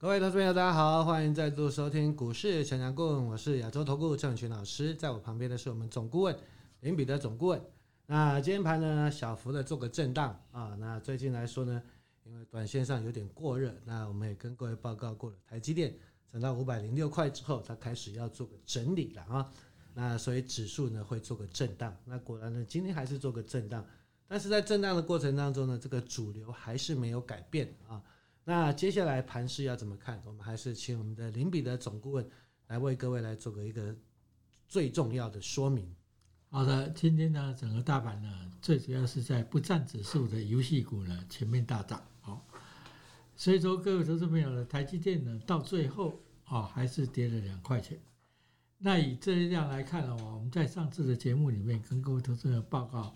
各位投資朋友，大家好，歡迎再度收聽股市強強滾顧問，我是亞洲投顧鄭偉群老師，在我旁邊的是我們總顧問林彼得總顧問。那今天盤呢，小幅的做個震盪啊。那最近來說呢，因為短線上有點過熱，那我們也跟各位報告過了，台積電漲到五百零六塊之後，它開始要做個整理了啊、哦。那所以指數呢，會做個震盪。那果然呢，今天還是做個震盪，但是在震盪的過程當中呢，這個主流還是沒有改變啊、哦。那接下來盤勢要怎麼看？我們還是請我們的林彼得總顧問來為各位來做個一個最重要的說明。好的，今天呢，整個大盤呢，最主要是在不佔指數的遊戲股呢前面大漲。哦。所以說各位投資朋友呢，台積電呢到最後哦，還是跌了兩塊錢。那以這一樣來看的話、哦，我們在上次的節目裡面跟各位投資朋友報告，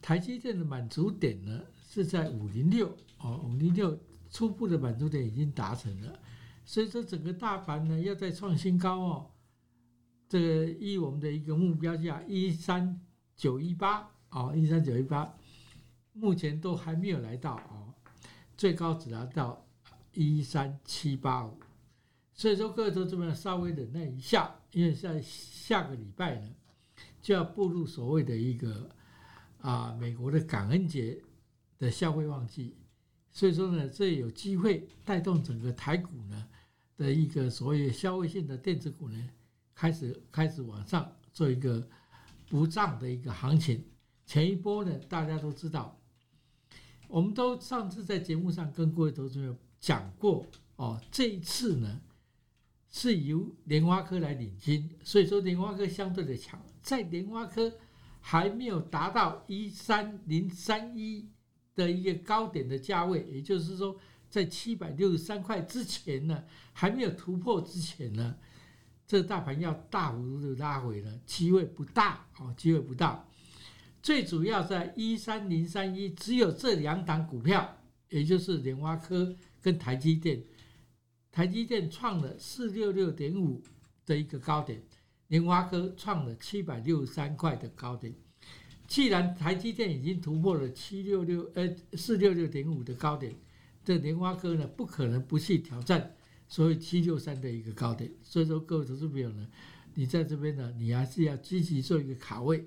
台積電的滿足點呢是在五零六哦，五零六。初步的滿足點已經達成了，所以說整個大盤呢要再創新高哦，這個以我們的一個目標價一三九一八哦一三九一八，目前都還沒有來到哦，最高只達到一三七八五，所以說各位都這麼稍微忍耐一下，因為在下個禮拜呢就要步入所謂的一個啊美國的感恩節的消費旺季。所以說呢，這有機會帶動整個台股呢的一個所謂消費性的電子股呢，開始開始往上做一個補漲的一個行情。前一波呢，大家都知道，我們都上次在節目上跟各位同學講過哦，這一次呢是由聯發科來領軍，所以說聯發科相對的強，在聯發科還沒有達到一三零三一。的一個高點的價位，也就是說，在七百六十三塊之前呢，還沒有突破之前呢，這大盤要大幅度的拉回了，機會不大哦，機會不大。最主要在一三零三一，只有這兩檔股票，也就是聯發科跟台積電，台積電創了四六六點五的一個高點，聯發科創了七百六十三塊的高點。既然台積電已經突破了七六六呃，四六六點五的高點，這蓮花哥呢不可能不去挑戰，所以七六三的一個高點。所以說，各位投資朋友呢，你在這邊呢，你還是要積極做一個卡位，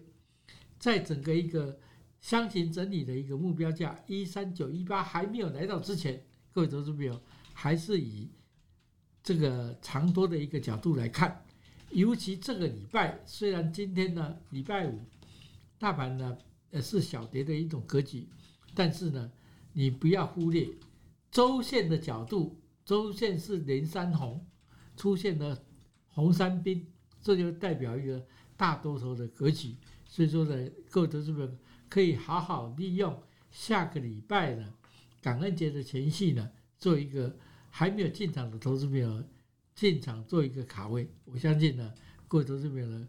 在整個一個箱型整理的一個目標價一三九一八還沒有來到之前，各位投資朋友還是以這個長多的一個角度來看，尤其這個禮拜，雖然今天呢禮拜五。大盤呢，呃是小跌的一種格局，但是呢，你不要忽略週線的角度，週線是連三紅，出現了紅三兵，這就代表一個大多頭的格局。所以說呢，各位同志們可以好好利用下個禮拜呢，感恩節的前夕呢，做一個還沒有進場的投資朋友進場做一個卡位，我相信呢，各位同志們呢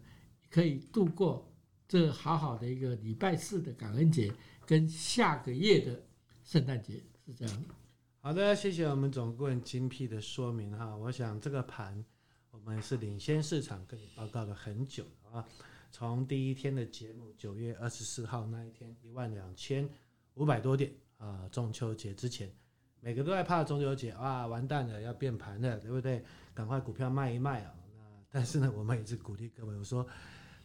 可以度過。這好好的一個禮拜四的感恩節，跟下個月的聖誕節是這樣的。好的，謝謝我們總顧問精闢的說明哈。我想這個盤我們是領先市場跟你報告了很久啊。從第一天的節目九月二十四號那一天一萬兩千五百多點啊，中秋節之前，每個都在怕中秋節哇，完蛋了要變盤了，對不對？趕快股票賣一賣啊。那但是呢，我們也是鼓勵各位我說。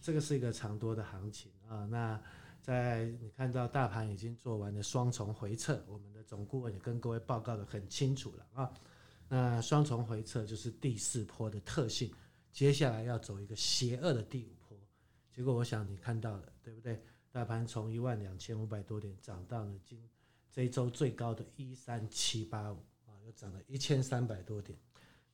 這個是一個長多的行情啊！那在你看到大盤已經做完了雙重回撤，我們的總顧問也跟各位報告得很清楚了啊。那雙重回撤就是第四波的特性，接下來要走一個邪惡的第五波。結果我想你看到了，對不對？大盤從一萬兩千五百多點漲到了今這一週最高的一三七八五啊，又漲了一千三百多點。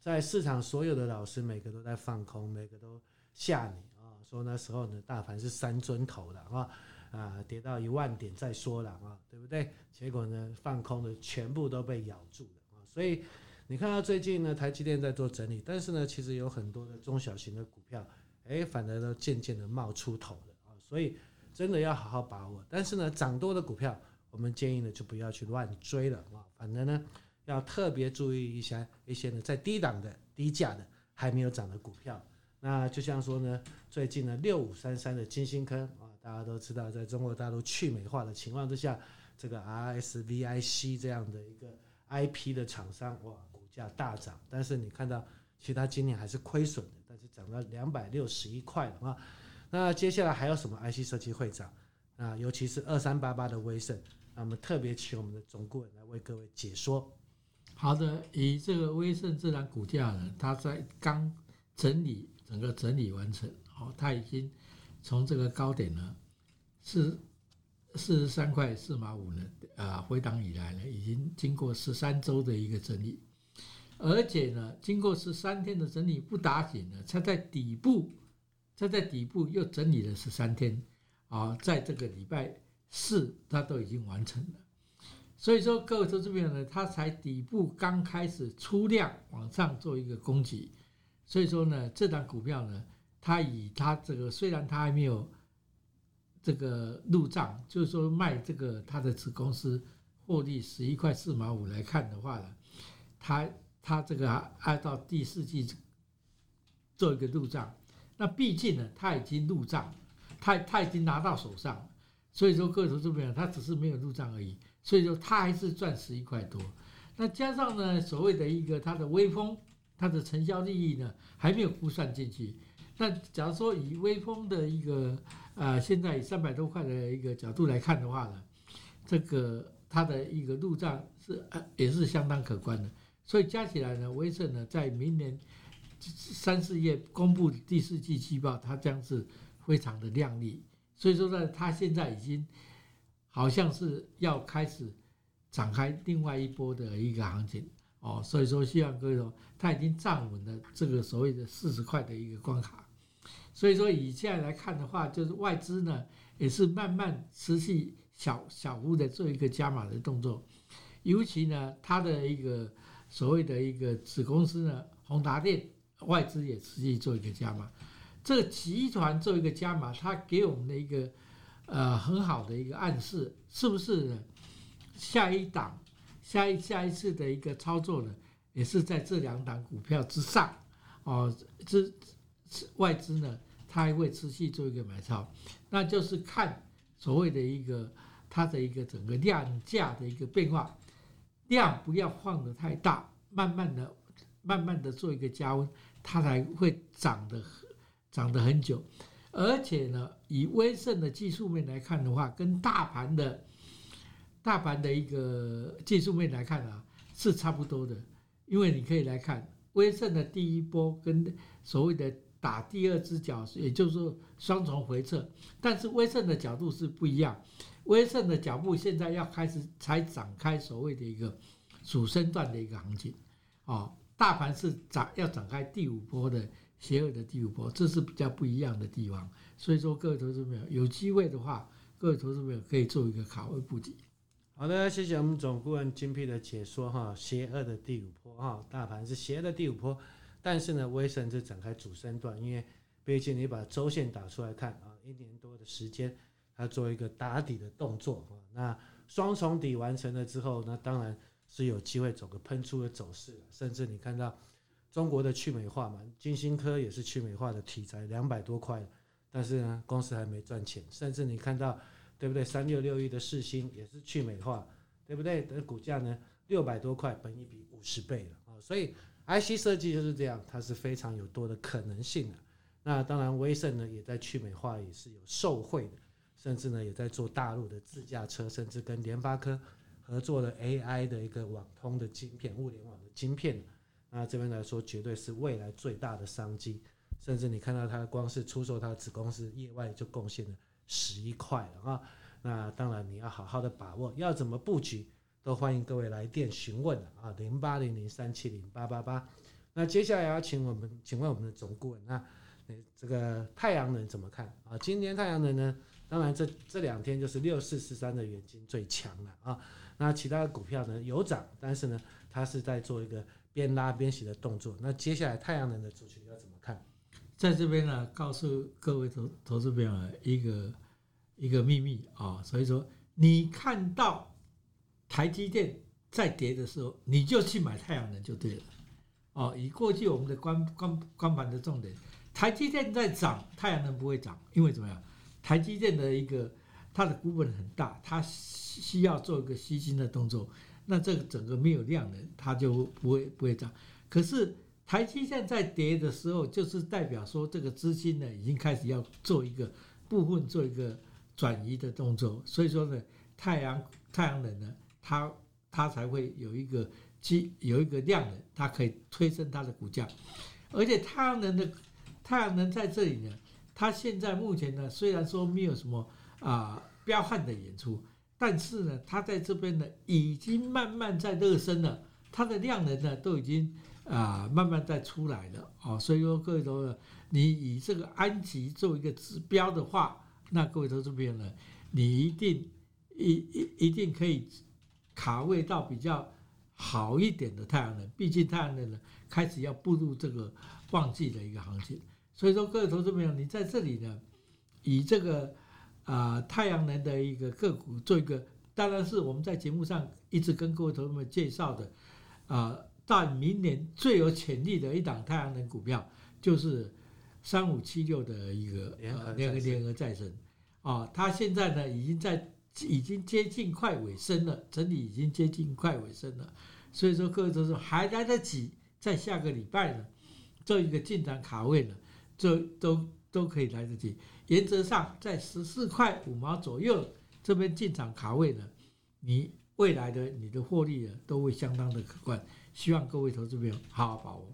在市場所有的老師每個都在放空，每個都嚇你。說那時候呢，大盤是三尊頭的啊，啊，跌到一萬點再說了啊，對不對？結果呢，放空的全部都被咬住了啊，所以你看到最近呢，台積電在做整理，但是呢，其實有很多的中小型的股票，哎，反而都漸漸的冒出頭了啊，所以真的要好好把握。但是呢，漲多的股票，我們建議呢，就不要去亂追了啊，反正呢，要特別注意一下一些呢，在低檔的低價的還沒有漲的股票。那就像說呢，最近呢六五三三的晶心科啊，大家都知道，在中國大陸去美化的情況之下，這個 RISC-V IC 這樣的一個 I P 的廠商，哇，股價大漲，但是你看到，其實它今年還是虧損的，但是漲到兩百六十一塊了啊。那接下來還有什麼 I C 設計會漲？啊，尤其是二三八八的威盛，那我們特別請我們的總顧問來為各位解說。好的，以這個威盛自然股價呢，它在剛整理。整個整理完成，好、哦，它已經從這個高點呢，是四十三塊四毛五呢，啊，回檔以來呢，已經經過十三周的一個整理，而且呢，經過十三天的整理不打緊呢，它在底部，它在底部又整理了十三天，啊、哦，在這個禮拜四它都已經完成了，所以說各位投資朋友呢，它才底部剛開始出量往上做一個攻擊。所以說呢，這檔股票呢，它以它這個雖然它還沒有這個入賬，就是說賣這個它的子公司獲利十一塊四毛五來看的話呢，它它這個按照，第四季做一個入賬，那畢竟呢，它已經入賬，它它已經拿到手上，所以說個頭這邊它只是沒有入賬而已，所以說它還是賺十一塊多，那加上呢，所謂的一個它的微風。它的成交利益呢還沒有估算進去，那假如說以威鋒的一個啊、呃、現在以三百多塊的一個角度來看的話呢，這個它的一個入賬是呃也是相當可觀的，所以加起來呢，威盛呢在明年三四月公布的第四季季報，它將是非常的亮麗，所以說呢，它現在已經好像是要開始展開另外一波的一個行情。哦，所以說希望各位說，他已經站穩了這個所謂的四十塊的一個關卡，所以說以現在來看的話，就是外資呢也是慢慢持續小小幅的做一個加碼的動作，尤其呢，他的一個所謂的一個子公司呢，宏達電外資也持續做一個加碼，這個集團做一個加碼，它給我們的一個呃很好的一個暗示，是不是呢，下一檔？下一下一次的一個操作呢，也是在這兩檔股票之上，哦，資外資呢，它還會持續做一個買超，那就是看所謂的一個它的一個整個量價的一個變化，量不要放得太大，慢慢的、慢慢的做一個加溫，它才會漲得漲得很久，而且呢，以威盛的技術面來看的話，跟大盤的。大盤的一個技術面來看啊，是差不多的，因為你可以來看微勝的第一波跟所謂的打第二隻腳，也就是說雙重回撤，但是微勝的角度是不一樣，微勝的腳步現在要開始才展開所謂的一個主升段的一個行情，哦，大盤是展要展開第五波的邪惡的第五波，這是比較不一樣的地方，所以說各位同事們有機會的話，各位同事們可以做一個卡位佈局。好的，謝謝我們總顧問精闢的解說哈，邪惡的第五波哈，大盤是邪惡的第五波，但是呢，威盛是展開主升段，因為畢竟你把週線打出來看啊，一年多的時間，它做一個打底的動作，那雙重底完成了之後，那當然是有機會走個噴出的走勢，甚至你看到中國的去美化嘛，晶心科也是去美化的題材，兩百多塊，但是呢，公司還沒賺錢，甚至你看到。對不對？3661的世芯也是去美化，對不對？那股價呢？六百多塊，本益比五十倍了啊！所以 IC 設計就是這樣，它是非常有多的可能性的。那當然呢，威盛呢也在去美化，也是有受惠的，甚至呢也在做大陸的自駕車，甚至跟聯發科合作的 AI 的一個網通的晶片、物聯網的晶片。那這邊來說，絕對是未來最大的商機。甚至你看到它，光是出售它的子公司業外就貢獻了。十一塊了啊，那當然你要好好的把握，要怎麼布局，都歡迎各位來電詢問啊，零八零零三七零八八八。那接下來要請我們，請問我們的總顧問啊，那這個太陽能怎麼看啊？今天太陽能呢，當然這這兩天就是六四四三的元晶最強了啊。那其他的股票呢有漲，但是呢，它是在做一個邊拉邊洗的動作。那接下來太陽能的走勢要怎麼看？在這邊呢，告訴各位投投資朋友一個一個秘密啊，哦，所以說你看到台積電在跌的時候，你就去買太陽能就對了。哦，以過去我們的觀觀觀盤的重點，台積電在漲，太陽能不會漲，因為怎麼樣？台積電的一個它的股本很大，它需要做一個吸金的動作，那這個整個沒有量的，它就不會不會漲。可是台積電在跌的時候，就是代表說這個資金呢已經開始要做一個部分做一個轉移的動作，所以說呢，太陽太陽能呢，它它才會有一個機，有一個量能，它可以推升它的股價。而且太陽能的太陽能在這裡呢，它現在目前呢雖然說沒有什麼啊、呃、彪悍的演出，但是呢，它在這邊呢已經慢慢在熱身了，它的量能呢都已經。啊、呃，慢慢再出來的哦。所以說，各位投資朋友，你以這個安集做一個指標的話，那各位投資朋友們呢，你一定一一一定可以卡位到比較好一點的太陽能。畢竟太陽能呢開始要步入這個旺季的一個行情。所以說，各位投資朋友，你在這裡呢，以這個啊、呃、太陽能的一個個股做一個，當然是我們在節目上一直跟各位投資朋友們介紹的啊。呃到明年最有潛力的一檔太陽能股票，就是三五七六的一個聯合聯合聯合再生，啊生、哦，它現在呢已經在已經接近快尾聲了，整體已經接近快尾聲了，所以說各位就是還來得及，在下個禮拜呢做一個進場卡位呢，這都都可以來得及，原則上在十四塊五毛左右這邊進場卡位呢，你。未來的你的獲利啊，都會相當的可觀。希望各位投資朋友好好把握。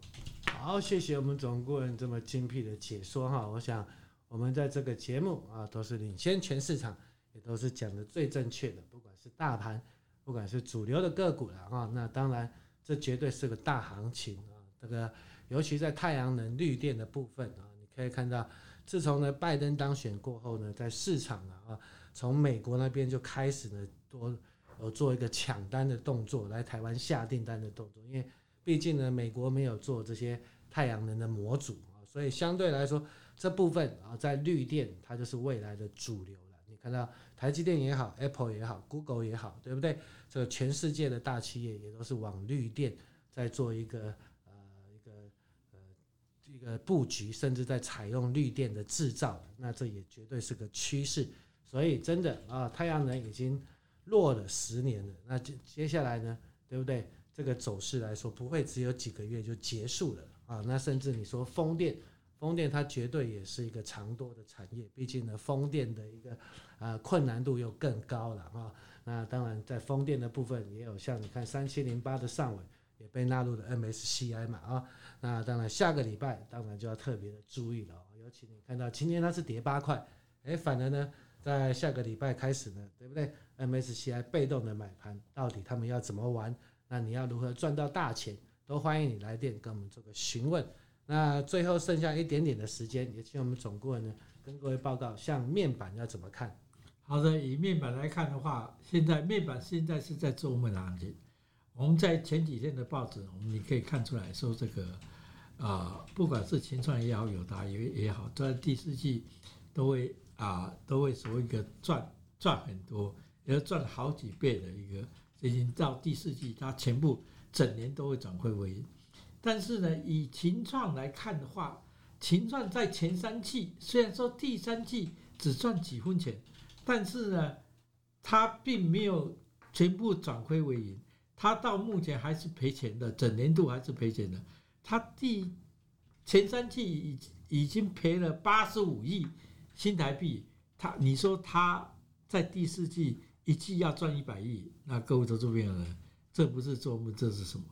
好，謝謝我們總顧問這麼精闢的解說哈。我想我們在這個節目啊，都是領先全市場，也都是講得最正確的。不管是大盤，不管是主流的個股了啊，那當然這絕對是個大行情啊。這個尤其在太陽能、綠電的部分啊，你可以看到，自從呢拜登當選過後呢，在市場啊啊，從美國那邊就開始呢多。有做一個搶單的動作，來台灣下訂單的動作，因為畢竟呢，美國沒有做這些太陽能的模組啊，所以相對來說，這部分啊，在綠電它就是未來的主流了。你看到台積電也好，Apple 也好，Google 也好，對不對？這個全世界的大企業也都是往綠電在做一個呃一個呃這個布局，甚至在採用綠電的制造，那這也絕對是個趨勢。所以真的啊，太陽能已經。落了十年了，那接接下來呢，對不對？這個走勢來說，不會只有幾個月就結束了啊。那甚至你說風電，風電它絕對也是一個長多的產業，畢竟呢，風電的一個啊，困難度又更高了啊。那當然，在風電的部分也有像你看三七零八的上緯也被納入了 MSCI 嘛啊。那當然下個禮拜當然就要特別的注意了，尤其你看到今天它是跌八塊，哎，反而呢，在下個禮拜開始呢，對不對？MSCI 被動的買盤到底他們要怎麼玩？那你要如何賺到大錢？都歡迎你來電跟我們做個詢問。那最後剩下一點點的時間，也請我們總顧問呢跟各位報告，像面板要怎麼看？好的，以面板來看的話，現在面板現在是在做我們的行情。我們在前幾天的報紙，我們可以看出來說，這個啊、呃，不管是群創也好，友達也也好，在第四季都會啊、呃，都會所謂的賺賺很多。也要賺好幾倍的一個，已經到第四季，它全部整年都會轉虧為盈。但是呢，以秦創來看的話，秦創在前三季雖然說第三季只賺幾分錢，但是呢，它並沒有全部轉虧為盈，它到目前還是賠錢的，整年度還是賠錢的。它第前三季已已經賠了八十五億新台幣，它你說它在第四季，一季要賺一百億，那各位都這邊的人，這不是做夢，這是什麼？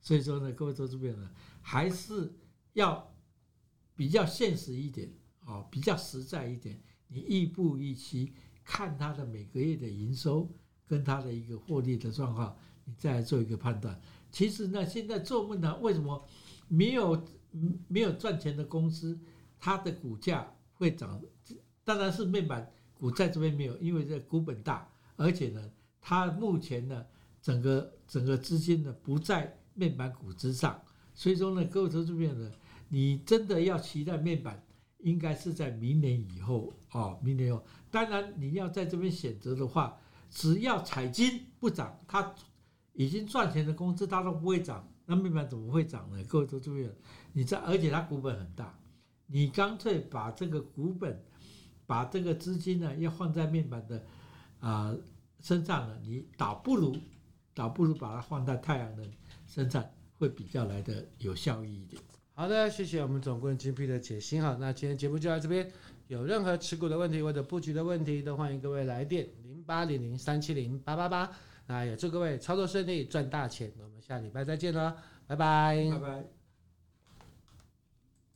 所以說呢，各位都這邊的人，還是要比較現實一點哦，比較實在一點。你亦步亦趨看他的每個月的營收跟他的一個獲利的狀況，你再來做一個判斷。其實呢，現在做夢呢，為什麼沒有沒有賺錢的公司，它的股價會漲？當然是面板股在這邊沒有，因為這股本大。而且呢，它目前呢，整個整個資金呢不在面板股之上，所以說呢，各位投資朋友呢，你真的要期待面板，應該是在明年以後啊、哦，明年以後。當然，你要在這邊選擇的話，只要彩晶不漲，它已經賺錢的公司它都不會漲，那面板怎麼會漲呢？各位投資朋友，你在，而且它股本很大，你乾脆把這個股本，把這個資金呢，要放在面板的。啊，身上呢，你倒不如，倒不如把它放在太陽能生產身上會比較來得有效益一點。好的，謝謝我們總顧問精闢的解析哈。那今天節目就到這邊，有任何持股的問題或者布局的問題，都歡迎各位來電零八零零三七零八八八。8，那也祝各位操作順利，賺大錢。我們下禮拜再見了，拜拜。拜拜。